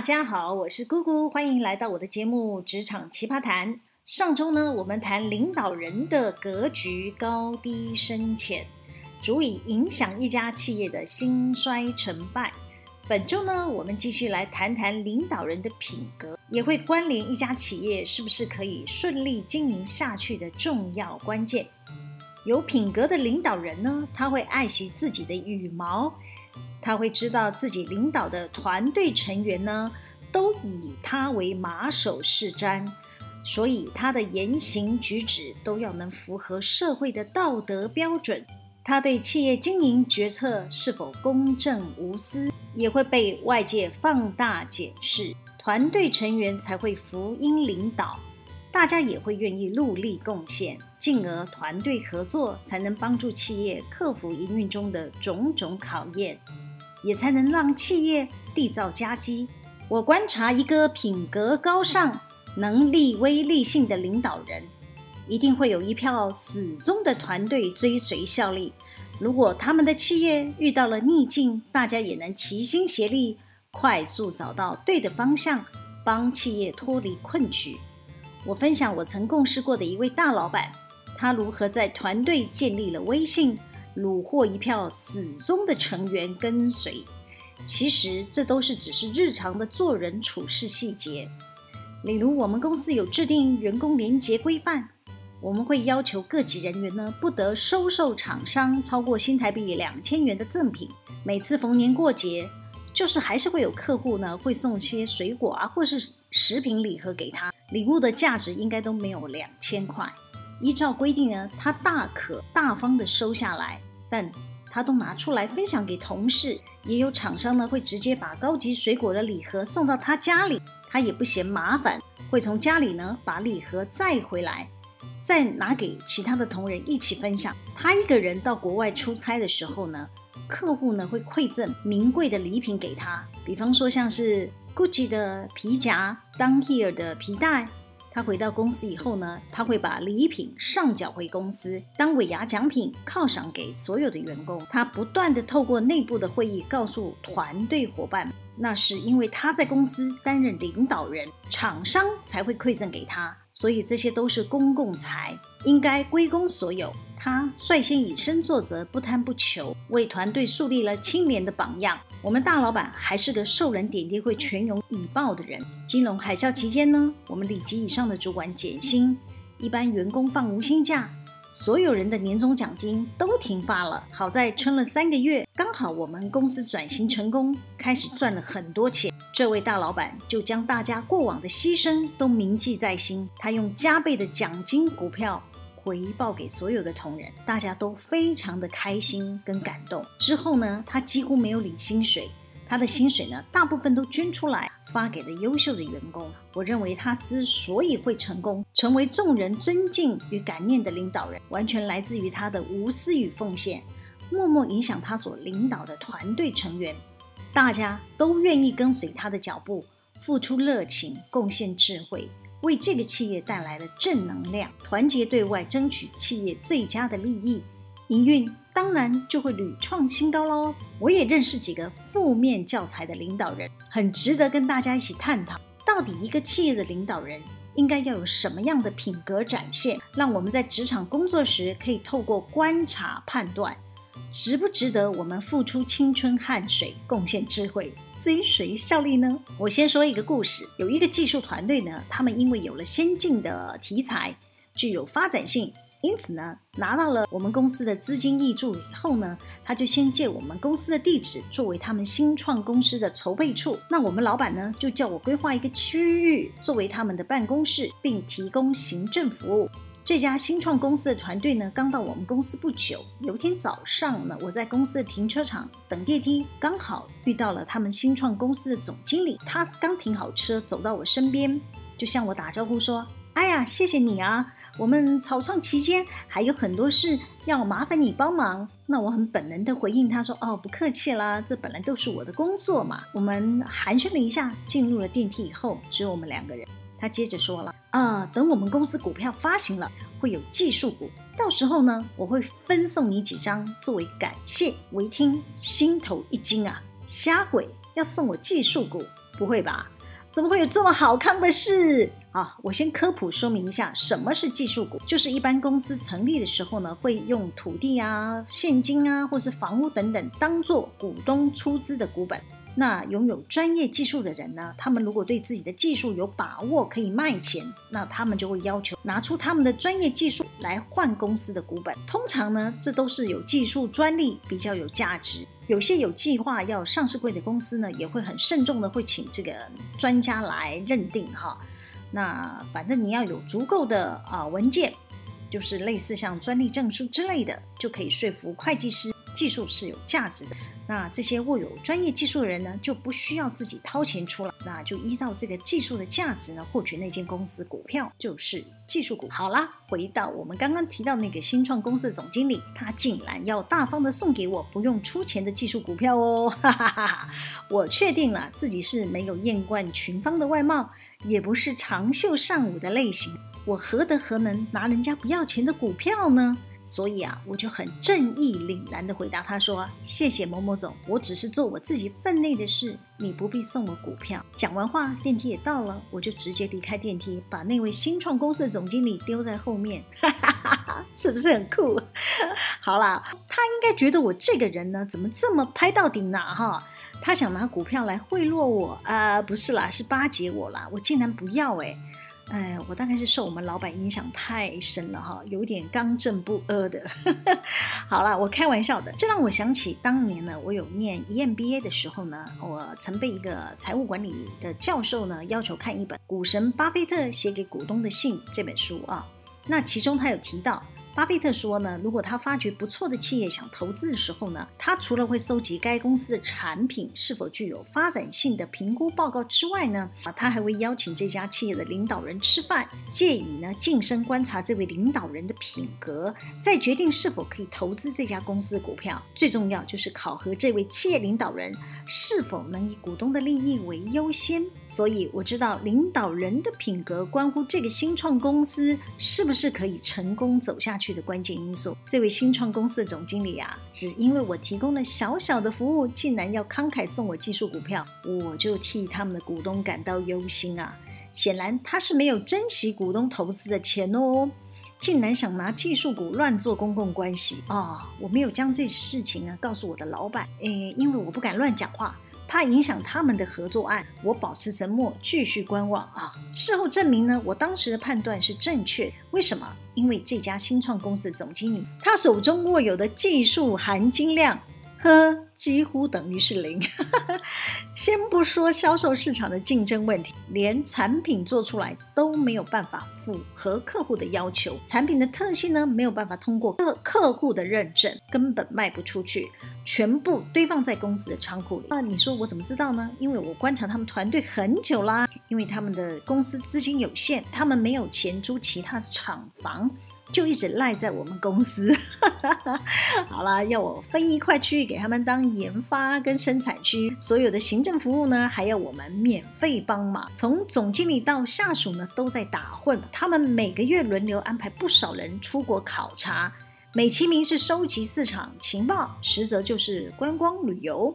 大家好，我是 Gugu，歡迎來到我的節目《職場奇葩談》。上周呢，我們談領導人的格局高低深淺，足以影響一家企業的興衰成敗。本周呢，我們繼續來談談領導人的品格，也會關聯一家企業是不是可以順利經營下去的重要關鍵。有品格的領導人呢，他會愛惜自己的羽毛。他會知道自己領導的團隊成員呢，都以他為馬首是瞻，所以他的言行舉止都要能符合社會的道德標準。他對企業經營決策是否公正無私，也會被外界放大檢視，團隊成員才會服膺領導。大家也會願意戮力貢獻，進而團隊合作才能幫助企業克服營運中的種種考驗，也才能讓企業締造佳績。我觀察一個品格高尚、能立威立信的領導人，一定會有一票死忠的團隊追隨效力。如果他們的企業遇到了逆境，大家也能齊心協力，快速找到對的方向，幫企業脫離困局。我分享我曾共事過的一位大老闆，他如何在團隊建立了威信，虜獲一票死忠的成員跟隨。其實這都是只是日常的做人處事細節。例如我們公司有制定員工廉潔規範，我們會要求各級人員呢不得收受廠商超過新台幣兩千元的贈品。每次逢年過節，就是還是會有客戶呢會送些水果啊，或是。食品禮盒給他，禮物的價值應該都沒有兩千塊。依照規定呢，他大可大方的收下來，但他都拿出來分享給同事。也有廠商呢，會直接把高級水果的禮盒送到他家裡，他也不嫌麻煩，會從家裡呢把禮盒再回來，再拿給其他的同仁一起分享。他一個人到國外出差的時候呢，客戶呢會饋贈名貴的禮品給他，比方說像是。GUCCI 的皮夾，DUNHILL 的皮帶，他回到公司以後呢，他會把禮品上繳回公司，當尾牙獎品犒賞給所有的員工。他不斷地透過內部的會議告訴團隊伙伴，那是因為他在公司擔任領導人，廠商才會饋贈給他。所以這些都是公共財，應該歸公所有。他率先以身作則，不貪不求，為團隊樹立了清廉的榜樣。我們大老板還是個受人點滴會泉湧以報的人。金融海嘯期間呢，我們理級以上的主管減薪，一般員工放無薪假。所有人的年終獎金都停發了，好在撐了三個月，剛好我們公司轉型成功，開始賺了很多錢。這位大老板就將大家過往的犧牲都銘記在心，他用加倍的獎金、股票回報給所有的同仁，大家都非常的開心跟感動。之後呢，他幾乎沒有領薪水。他的薪水呢，大部分都捐出來發給了優秀的員工。我認為他之所以會成功，成為眾人尊敬與感念的領導人，完全來自於他的無私與奉獻，默默影響他所領導的團隊成員，大家都願意跟隨他的腳步，付出熱情，貢獻智慧，為這個企業帶來了正能量，團結對外，爭取企業最佳的利益，營運。當然就會屢創新高嘍！我也認識幾個負面教材的領導人，很值得跟大家一起探討，到底一個企業的領導人應該要有什麼樣的品格展現，讓我們在職場工作時可以透過觀察判斷，值不值得我們付出青春汗水、貢獻智慧、追隨效力呢？我先說一個故事，有一個技術團隊呢，他們因為有了先進的題材，具有發展性。因此呢，拿到了我們公司的資金挹注以後呢，他就先借我們公司的地址作為他們新創公司的籌備處。那我們老闆呢，就叫我規劃一個區域作為他們的辦公室，並提供行政服務。這家新創公司的團隊呢，剛到我們公司不久。有一天早上呢，我在公司的停車場等電梯，剛好遇到了他們新創公司的總經理。他剛停好車，走到我身邊，就向我打招呼說：“哎呀，謝謝你啊。”我們草創期間還有很多事要麻煩你幫忙，那我很本能地回應他說：“哦，不客氣啦，這本來都是我的工作嘛。”我們寒暄了一下，進入了電梯以後，只有我們兩個人。他接着說了：“啊，等我們公司股票發行了，會有技術股，到時候呢，我會分送你幾張作為感謝。”我一聽，心頭一驚啊，蝦毀要送我技術股，不會吧？怎麼會有這麼好康的事？啊，我先科普說明一下什麼是技術股。就是一般公司成立的時候呢，會用土地啊、現金啊，或是房屋等等，當做股東出資的股本。那擁有專業技術的人呢，他們如果對自己的技術有把握，可以賣錢，那他們就會要求拿出他們的專業技術來換公司的股本。通常呢，這都是有技術專利比較有價值。有些有計劃要上市櫃的公司呢，也會很慎重的會請這個專家來認定哈。那反正你要有足夠的啊文件，就是類似像專利證書之類的，就可以說服會計師，技術是有價值的。那這些握有專業技術的人呢，就不需要自己掏錢出來，那就依照這個技術的價值呢，獲取那間公司股票，就是技術股票。好啦，回到我們剛剛提到那個新創公司的總經理，他竟然要大方的送給我不用出錢的技術股票哦，哈哈哈哈！我確定了自己是沒有豔冠群芳的外貌，也不是長袖善舞的類型，我何德何能拿人家不要錢的股票呢？所以啊，我就很正義凜然地回答他說：“謝謝某某總，我只是做我自己分內的事，你不必送我股票。”講完話，電梯也到了，我就直接離開電梯，把那位新創公司的總經理丟在後面， 是不是很酷？ 好啦，他應該覺得我這個人呢，怎麼這麼拍到頂呢？哈。他想拿股票來賄賂我啊、呃，不是啦，是巴結我啦。我竟然不要誒、欸、哎、呃，我大概是受我們老板影響太深了哈、哦，有點剛正不阿的。 好啦，我開玩笑的。這讓我想起當年呢，我有念 EMBA 的時候呢，我曾被一個財務管理的教授呢要求看一本《股神巴菲特寫給股東的信》這本書啊、哦。那其中他有提到。巴菲特說呢，如果他發覺不錯的企業想投資的時候呢，他除了會搜集該公司的產品是否具有發展性的評估報告之外呢，啊，他還會邀請這家企業的領導人吃飯，借以呢近身觀察這位領導人的品格，再決定是否可以投資這家公司的股票。最重要就是考核這位企業領導人是否能以股東的利益為優先。所以我知道領導人的品格關乎這個新創公司是不是可以成功走下去。的關鍵因素，這位新創公司的總經理啊，只因為我提供了小小的服務，竟然要慷慨送我技術股票，我就替他們的股東感到憂心啊！顯然他是沒有珍惜股東投資的錢哦，竟然想拿技術股亂做公共關係啊！哦，我沒有將這些事情啊告訴我的老板誒，因為我不敢亂講話。怕影響他們的合作案，我保持沉默，繼續觀望啊。事後證明呢，我當時的判斷是正確。為什麼？因為這家新創公司的總經理，他手中握有的技術含金量，呵，幾乎等於是零。 先不說銷售市場的競爭問題，連產品做出來都沒有辦法符合客戶的要求，產品的特性呢，沒有辦法通過客客戶的認證，根本賣不出去，全部堆放在公司的倉庫裡。那你說我怎麼知道呢？因為我觀察他們團隊很久啦，因為他們的公司資金有限，他們沒有錢租其他廠房。就一直賴在我們公司， 好了，要我分一塊區域給他們當研發跟生產區，所有的行政服務呢，還要我們免費幫忙，從總經理到下屬呢都在打混，他們每個月輪流安排不少人出國考察，美其名是收集市場情報，實則就是觀光旅遊，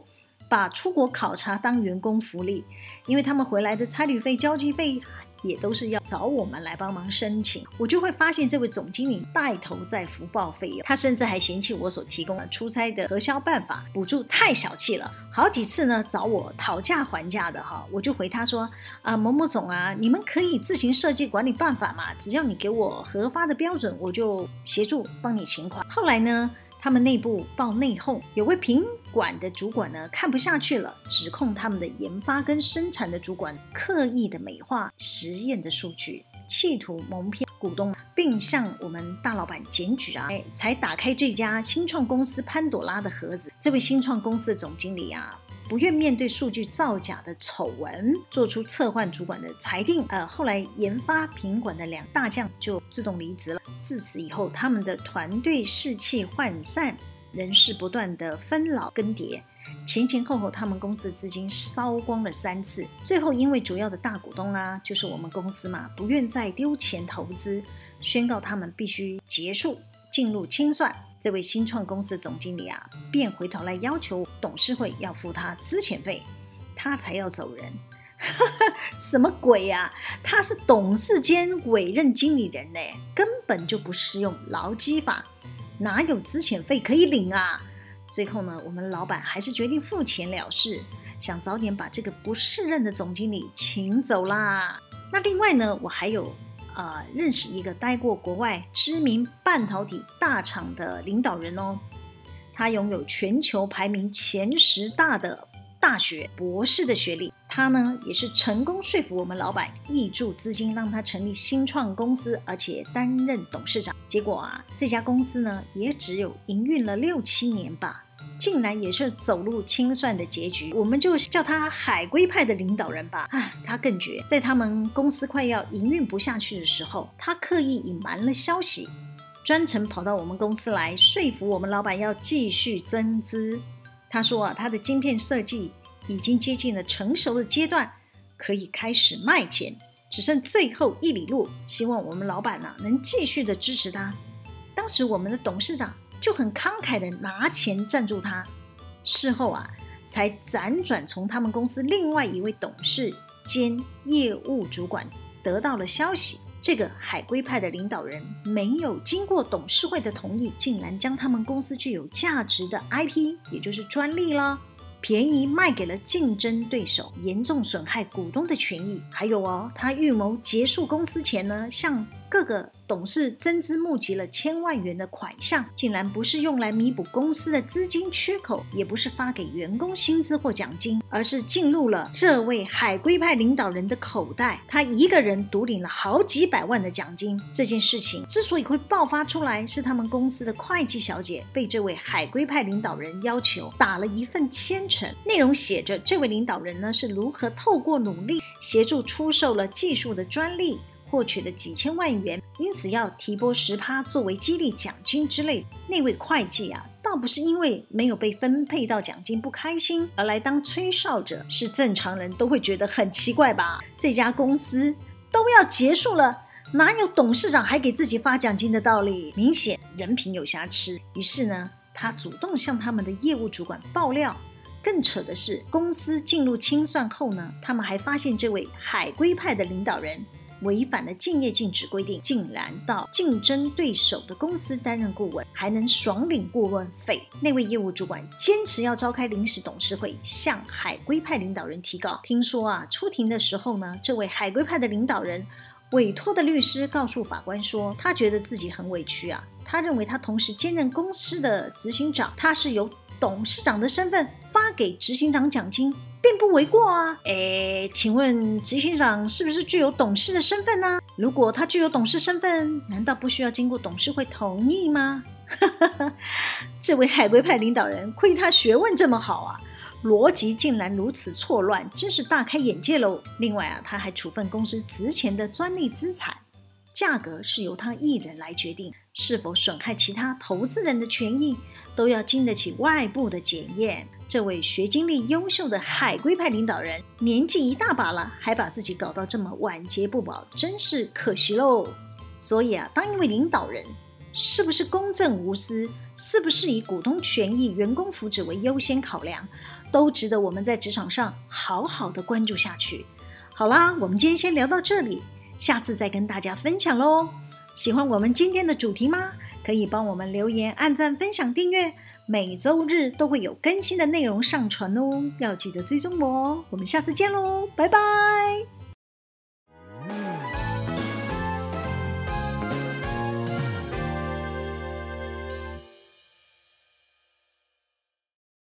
把出國考察當員工福利，因為他們回來的差旅費、交際費，也都是要找我們來幫忙申請，我就會發現這位總經理帶頭在浮報費用，他甚至還嫌棄我所提供的出差的核銷辦法補助太小氣了，好幾次呢找我討價還價的哈，我就回他說啊、呃、某某總啊，你們可以自行設計管理辦法嘛，只要你給我合法的標準，我就協助幫你請款。後來呢？他們內部爆內訌，有位品管的主管呢，看不下去了，指控他們的研發跟生產的主管刻意的美化實驗的數據，企圖蒙騙股東，並向我們大老板檢舉啊，哎，才打開這家新創公司潘朵拉的盒子。這位新創公司的總經理啊。不願面對數據造假的醜聞，做出撤換主管的裁定。呃，後來研發品管的兩大將就自動離職了。自此以後，他們的團隊士氣渙散，人事不斷的分老更迭，前前後後，他們公司的資金燒光了三次。最後，因為主要的大股東啊，就是我們公司嘛，不願再丟錢投資，宣告他們必須結束，進入清算。這位新創公司總經理啊，便回頭來要求董事會要付他資遣費，他才要走人。 什麼鬼呀？他是董事兼委任經理人呢，根本就不適用勞基法，哪有資遣費可以領啊？最後呢，我們老闆還是決定付錢了事，想早點把這個不適任的總經理請走啦。那另外呢，我還有。呃，認識一個待過國外知名半導體大廠的領導人哦，他擁有全球排名前十大的大學博士的學歷，他呢也是成功說服我們老闆挹注資金，讓他成立新創公司，而且擔任董事長。結果啊，這家公司呢也只有營運了六七年吧，竟然也是走入清算的結局我們就叫他海歸派的領導人吧。啊，他更絕，在他們公司快要營運不下去的時候，他刻意隱瞞了消息，專程跑到我們公司來說服我們老闆要繼續增資。他說啊，他的晶片設計已經接近了成熟的階段，可以開始賣錢，只剩最後一里路，希望我們老闆呢、啊、能繼續的支持他。當時我們的董事長就很慷慨的拿錢贊助他，事後啊才輾轉從他們公司另外一位董事兼業務主管得到了消息。這個海歸派的領導人沒有經過董事會的同意，竟然將他們公司具有價值的 IP，也就是專利啦，便宜賣給了競爭對手，嚴重損害股東的權益。還有哦、啊，他預謀結束公司前呢，向。各個董事增資募集了千萬元的款項，竟然不是用來彌補公司的資金缺口，也不是發給員工薪資或獎金，而是進入了這位海歸派領導人的口袋。他一個人獨領了好幾百萬的獎金。這件事情之所以會爆發出來，是他們公司的會計小姐被這位海歸派領導人要求打了一份簽呈，內容寫着這位領導人呢，是如何透過努力協助出售了技術的專利。獲取的幾千萬元，因此要提撥十趴作為激勵獎金之類的。那位會計啊，倒不是因為沒有被分配到獎金不開心而來當吹哨者，是正常人都會覺得很奇怪吧？這家公司都要結束了，哪有董事長還給自己發獎金的道理？明顯人品有瑕疵。於是呢，他主動向他們的業務主管爆料。更扯的是，公司進入清算後呢，他們還發現這位海歸派的領導人。違反了競業禁止規定，竟然到競爭對手的公司擔任顧問，還能爽領顧問費。那位業務主管堅持要召開臨時董事會，向海歸派領導人提告。聽說啊，出庭的時候呢，這位海歸派的領導人委托的律師告訴法官說，他覺得自己很委屈啊，他認為他同時兼任公司的執行長，他是由。董事長的身份發給執行長獎金，並不為過啊！哎，請問執行長是不是具有董事的身份呢，啊？如果他具有董事身份，難道不需要經過董事會同意嗎？ 這位海歸派領導人，虧他學問這麼好啊，邏輯竟然如此錯亂，真是大開眼界嘍！另外啊，他還處分公司值錢的專利資產，價格是由他一人來決定。是否損害其他投資人的權益，都要經得起外部的檢驗。這位學經歷優秀的海歸派領導人，年紀一大把了，還把自己搞到這麼晚節不保，真是可惜嘍。所以啊，當一位領導人，是不是公正無私，是不是以股東權益、員工福祉為優先考量，都值得我們在職場上好好的關注下去。好啦，我們今天先聊到這裡，下次再跟大家分享嘍。喜歡我們今天的主題嗎？可以幫我們留言、按讚、分享、訂閱。每周日都會有更新的內容上傳哦，要記得追蹤我哦。我們下次見嘍，拜拜。